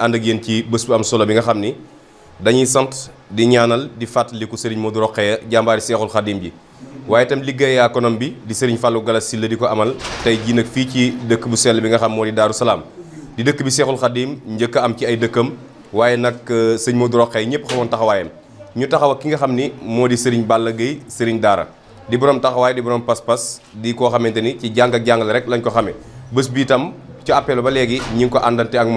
Anda ak yéen ci bu am solo bi nga xam ni dañuy sant di ñaanal di sering sëriñ Modou Rokhaya jàmbaari seexul xadim bi waaye itam bi di sëriñ Fallou Galas Sylla di ko amal tey jii nag fii ci dëkk bu bi nga xam di Daaru Salaam di dëkk bi seexul xadim am ci ay dëkkam waaye nag euh, sëñ Modou Rokhaya ñëpp xamoon taxawaayam ñu taxaw ki nga xam ni di sëriñ Balla Gueye sëriñ di borom taxawaay di borom pas-pas di koo xamante ci jàng ak jàngale rek lañ ko xamee bés bi itam ci appel ba léegi ñi ko àndante ak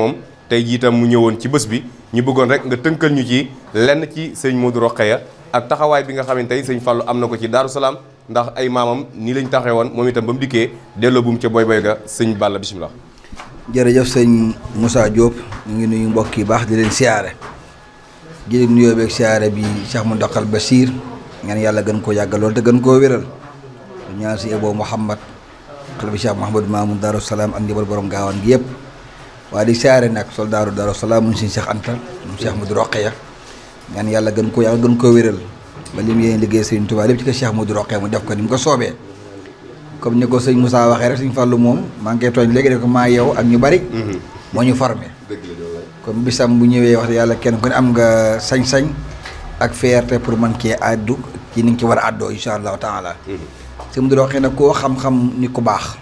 tey jii itam mu ñëwoon ci bés bi ñu bëggoon rek nga tënkal ñu ci lenn ci sëñ Modou Rokhaya ak taxawaay bi nga xamante tey sëñ Fallou am na ko ci Daaru Salaam ndax ay maamam nii lañ taxee woon moom itam ba mu dikkee delloo bu boy boy ga sëñ Balla bisimilah. jërëjëf sëñ Moussa Diop ñu ngi nuyu mbokk yi baax di leen siyaare di leen nuyoo beeg siyaare bi Cheikh Moundakhal Bachir ngeen yàlla gën koo yàggal lool te gën koo wéral ñaan si Ebo Mouhamad xale bi Cheikh Mouhamad Mamoun Daaru Salaam ak njabal borom gaawaan gi yëpp waaye di siyaare nag soldaaru Daaru Salaam mu si Cheikh Anta mu Cheikh Modou Roqeya ñaan yàlla gën ko yàlla gën ko wéral ba lim yéen liggéey Serigne Touba lépp ci ko Cheikh Modou Roqeya mu def ko ni mu ko soobee comme ni ko sëñ Moussa waxee rek sëñ Fallou moom maa ngi koy tooñ léegi ko maa yow ak ñu bari moo ñu formé comme bisam bu ñëwee wax yàlla kenn ku am nga sañ-sañ ak fierté pour man kii àddu kii ni ci war a àddoo taala sëñ Modou Roqeya nag koo xam-xam ni ku baax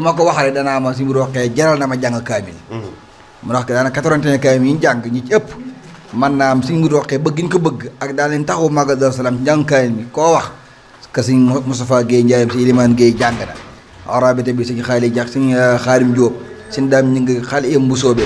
ku ma ko waxale danaa ma si mu jaral na ma jàng kaamil mm-hmm. mu wax ko daanaka yi ñu jàng ñi ci ëpp man naa am si mu roqee bëgg ñu ko bëgg ak daal leen taxawu Magal Daaru Salaam ci jàng kaamil koo wax ka sëñ Moustapha Guèye Ndiaye si Ilimaan Guèye jàng na arabité bi sëñ xaali jax sëñ euh, xaalim Jóob sëñ daam ñu ngi xaali yëm bu soobee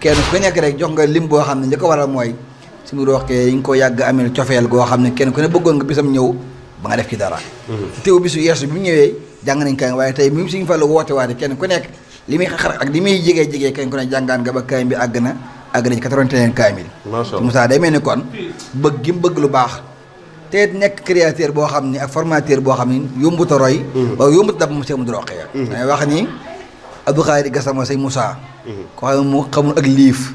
kenn ku nekk rek jox nga lim boo xam ne li ko waral mooy si mu roqee yi nga ko yàgg amel cofeel goo xam ne kenn ku ne bëggoon nga bisam ñëw ba nga def ci dara mm-hmm. teew bisu yeesu bi mu ñëwee Jangan nañ kañ waaye tey même suñ fa la woote waate kenn ku nekk li muy xar ak li muy jege ku ne ba bi agna na àgg nañ 81 kaamil musa day mel ni kon bëgg gi mu buah lu baax te nekk créateur boo xam ni ak formateur boo xam ni yombut a roy hmm. waaw yombut dab hmm. wax ni Gassama say musa ko xam mu xamul ak liif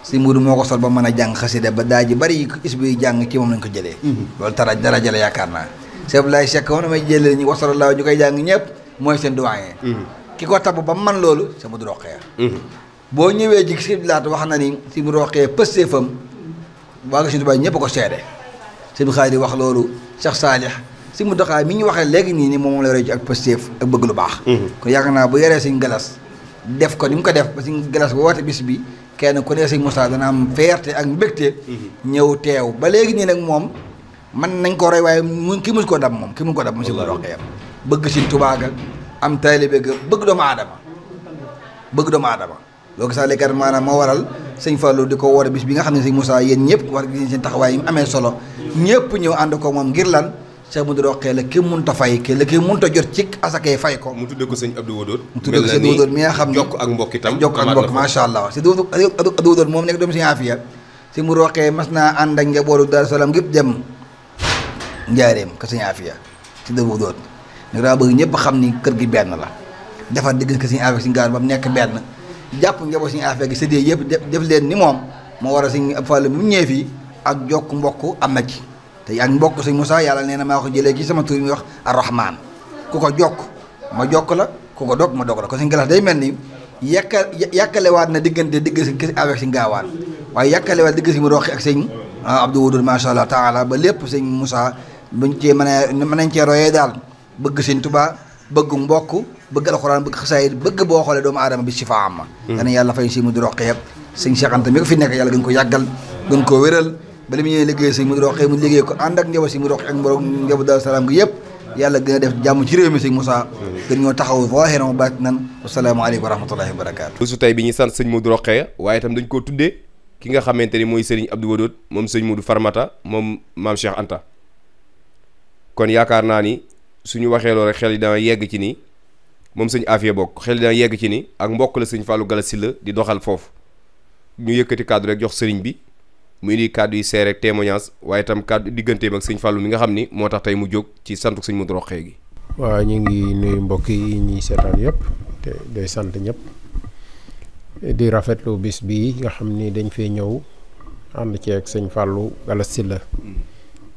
si Moudou moo ko sol ba mën a jàng ba bari isbi jang ci moom lañ ko jëlee hmm. loolu tara dara Cheikh Abdoulaye Cheikh woon damay jëlee ñu wasalallaahu ñu koy jàng ñëpp mooy seen doyen. Mhm. ki ko tabb ba man loolu sa mu roqee boo ñëwee ji si wax na ni si mu roqee pëstee fam waa nga suñu tubaab ñëpp ko seede sëñ di wax loolu Cheikh Saalix si mu doxaay mi ñu waxee léegi nii ni moom la rëcc ak pësteef ak bëgg lu baax mhm. kon yaakaar naa bu yoree sëñ galas def ko ni mu ko def ba sëñ galas ba woote bis bi kenn ku ne sëñ Moussa dana am fierté ak mbégte mhm. ñëw teew ba léegi nii nag moom man nañ ko roy waaye mu ki mus ko dab moom ki mu ko dab monsieur Bodo Xeyam bëgg sin Touba ga am talibé ga bëgg doomu aadama bëgg doomu aadama loolu sax lekkat maanaam moo waral sëñ Fallou di ko woote bis bi nga xam ne sëñ Moussa yéen ñëpp war ngeen seen taxawaay yi amee solo ñëpp ñëw ànd ko moom ngir lan cheikh mu do xé la ki ta fay ki la ki mën ta jot ci asake fay ko mu tuddé ko seigne abdou wodor mu tuddé ko seigne wodor mi nga xamni jokk ak mbokk itam jokk ak mbokk ma sha Allah ci abdou wodor mom nek doom ci afia ci mu roxé masna and ak njaboru dar salam gep dem njaareem kër sëñ Afia ci dëggu doon nag daa bëgg ñëpp xam ni kër gi benn la defar digg kër sëñ Afia sëñ Gaawaan ba mu nekk benn jàpp njaboot sëñ Afia gi sëddee yëpp def leen ni moom moo war a sëñ ab Fall ak jokk mbokk am na ci te ak mbokk sëñ Moussa yàlla nee na maa ko jëlee ci sama tur mi wax arrahman ku ko jokk ma jokk la ku ko ma dog la kon sëñ Galas day mel ni yàkka yàkkalewaat na diggante digg sëñ kër avec sëñ Gaawaan waaye yàkkalewaat digg sëñ Roxi ak sëñ ah, Abdou Wadoud macha allah taala ba lépp sëñ Moussa luñ cee mën a mën nañ cee royee daal bëgg sëñ Tuubaa bëgg mbokk bëgg alxuraan bëgg xasaayid bëgg boo xoolee doomu aadama bi sifa am ma hmm. danañ yàlla fay si Mudu Roqee yëpp sëñ Cheikh Anta nekk yàlla gën ko yàggal gën koo wéral bala mu ñëwee liggéey sëñ Mudu Roqee mu liggéey ko ànd ak njaboot si Mudu Roqee ak yëpp yàlla a def jàmm ci réew mi sëñ Moussa hmm. gën ñoo taxaw fooxeerama baat nan wasalaamaaleykum wa rahmatullahi wa barakaatu bésu tey bi ñu sant sëñ Mudu Roqee waaye itam dañ koo tuddee ki nga xamante ni mooy sëriñ Abdou Wadoot moom sëñ du Farmata moom maam Cheikh Anta kon yaakaar naa ni suñu waxee loolu rek xel yi dana yegg ci ni moom sëñ Afia bokk xel yi dana yegg ci ni ak mbokk la sëñ Fallou Galass Syll la di doxal foofu ñu yëkkati kàddu rek jox sëriñ bi mu indi kàddu yi seere ak témoignage waaye itam kàddu digganteem ak sëñ Fallou mi nga xam ni moo tax tey mu jóg ci santuk sëñ Modou Rokhaya gi. waaw ñu ngi nuyu mbokk yi ñuy seetaan yëpp te day sant ñëpp di rafetlu bis bii nga xam ni dañ fee ñëw ànd ceeg sëñ la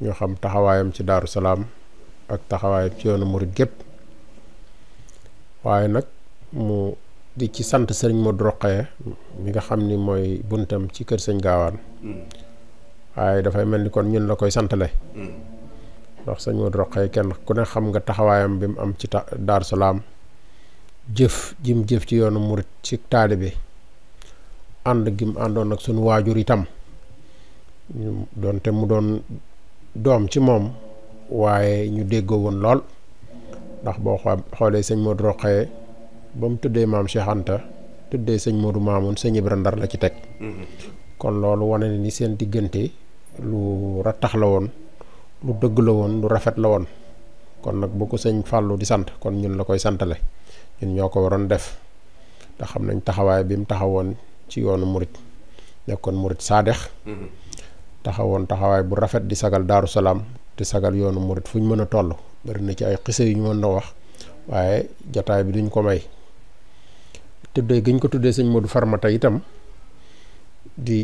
ñu xam taxawaayam ci daaru salaam ak taxawaayam ci yoonu murit gépp waaye nag mu di ci sant sëriñ mu Rokhaya mi nga xam ni mooy buntam ci kër sëñ gaawaan waaye dafay mel ni kon ñun la koy santale ndax sëñ Modou Rokhaya kenn ku ne xam nga taxawaayam bi mu am ci daaru salaam jëf jim jëf ci yoonu murit ci taalibe ànd gi mu àndoon ak sunu waajur itam doonte mu doon doom ci moom waaye ñu déggoo woon lool ndax boo xoolee sëñ Modou Rokhaya ba mu tuddee maam Cheikh Anta tuddee sëñ Modou Mamoun sëñ Ibra Ndar la ci teg mm-hmm. kon loolu wane ne ni seen diggante lu rattax la woon lu dëgg la woon lu rafet la woon kon nag bu ko sëñ Fallou di sant kon ñun la koy santale ñun ñoo ko waroon def te xam nañ taxawaay bi mu taxawoon ci yoonu murit nekkoon murit saadex mm-hmm. taxawoon taxawaay bu rafet di sagal daaru salaam di sagal yoonu murit fu ñu mën a tollu bari na ci ay xise yu ñu mën na wax waaye jataay bi duñ ko may tuddee giñ ko tuddee sëñ Modou yi tam di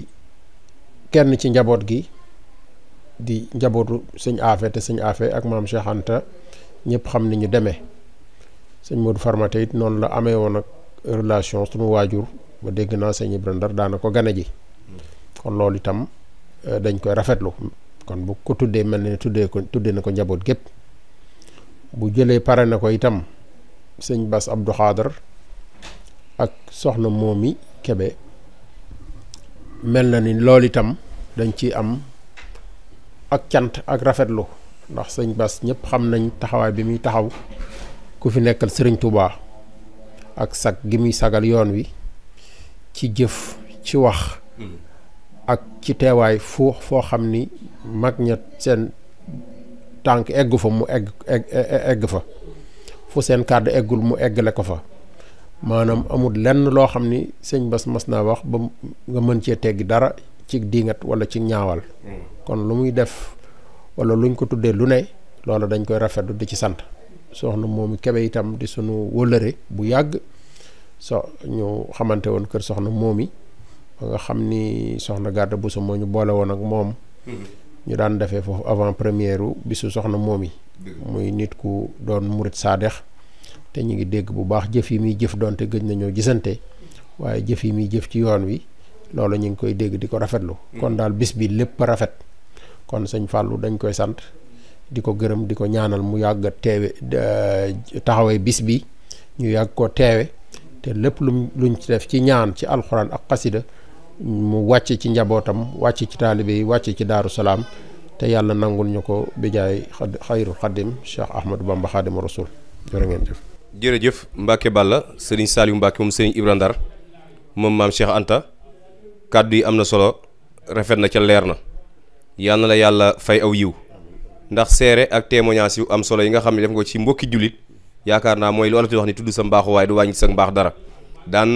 kenn ci njaboot gi di njabootu sëñ Afe te sëñ Afe ak maam Cheikh Anta ñëpp xam ni ñu demee sëñ Modou Farmata it noonu la amee woon ak relation suma waajur ba dégg naa sëñ Ibra Ndar daana ko gane ji kon loolu itam Euh, dañ koy rafetlu kon bu ko tuddee mel ne tuddee ko tuddee na ko njaboot gépp bu jëlee pare na ko itam sëñ bas Abdou Khadr ak soxna Momi kebe mel na ni loolu itam dañ ci am ak cant ak rafetlu ndax sëñ bas ñëpp xam nañ taxawaay bi muy taxaw ku fi nekkal sëriñ Touba ak sag gi muy sagal yoon wi ci jëf ci wax hmm. ak ci teewaay fu foo xam ni mag ña seen tànk eggu fa mu egg egg fa fu seen kàddu eggul mu eggale ko fa maanaam amul lenn loo xam ni sëñ bas mas naa wax ba nga mën cee teggi dara ci diingat wala ci ñaawal kon lu muy def wala luñ ko tuddee lu ne loolu dañ koy rafetlu di ci sant soxna moomu kebe itam di sunu wëllëre bu yàgg so ñu xamante woon kër soxna moomi ba nga xam ni soxna Garda Bousso moo ñu boole woon ak moom mm-hmm. ñu daan defee foofu avant première bisu soxna moom yi muy nit ku doon murit saadex te ñu ngi dégg bu baax jëf yi muy jëf te gëj nañoo gisante waaye jëf yi muy jëf ci yoon wi loolu ñu ngi koy dégg di ko rafetlu mm-hmm. kon daal bis bi lépp rafet kon sëñ Fallou dañ koy sant di ko gërëm di ko ñaanal mu yàgg teewe euh, taxawee bis bi ñu yàgg ko teewe te lépp lu luñ ci def ci ñaan ci alxuraan ak xasida mu wàcc ci njabootam wàcc ci taalibe yi wàcc ci daaru salaam te yàlla nangul ñu ko bi jaay xayrul xadim Cheikh Ahmadou Bamba xaadimu rasul jërë jëf jërëjëf Mbacke Balla sëriñ Saliou Mbacke moom sëriñ Ibra Ndar moom maam Cheikh Anta kàddu yi am na solo rafet na ca leer na yal na la yàlla fay aw yiw ndax seere ak témoignage yu am solo yi nga xam ne def nga ci mbokki jullit yaakaar naa mooy lu olof di wax ni tudd sa mbaaxu waaye du wàññi sa mbaax dara daan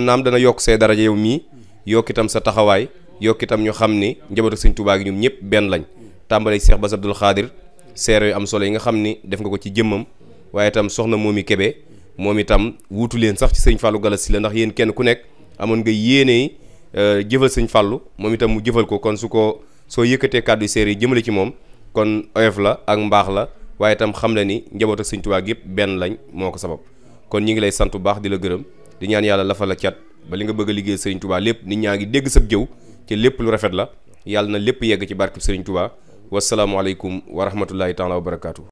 mii yokk itam sa taxawaay yokk itam ñu xam ni njabootu sëñ Tuubaa gi ñoom ñëpp benn lañ tàmbalee Cheikh Bass Abdoul Khadir seere yu am solo yi nga xam ni def nga ko ci jëmmam waaye itam soxna Momy Kébé moom itam wuutu leen sax ci sëñ Fallou Galass si ndax yéen kenn ku nekk amoon nga yéene euh, jëfal sëñ Fallou moom itam mu jëfal ko kon su ko soo yëkkatee kàddu seere yi jëmale ci moom kon oyof la ak mbaax la waaye itam xam la ni njaboot ak sëñ Tuubaa gi yëpp benn lañ moo ko sabab kon ñu ngi lay sant bu baax di la gërëm di ñaan yàlla lafa la cat ba li nga bëgg liggéey Serigne Touba lépp nit ñaa ngi dégg sëb jëw ci lépp lu rafet la yàlla na lépp yegg ci barke Serigne Touba alaykum wa rahmatullahi taala wa barakaatu.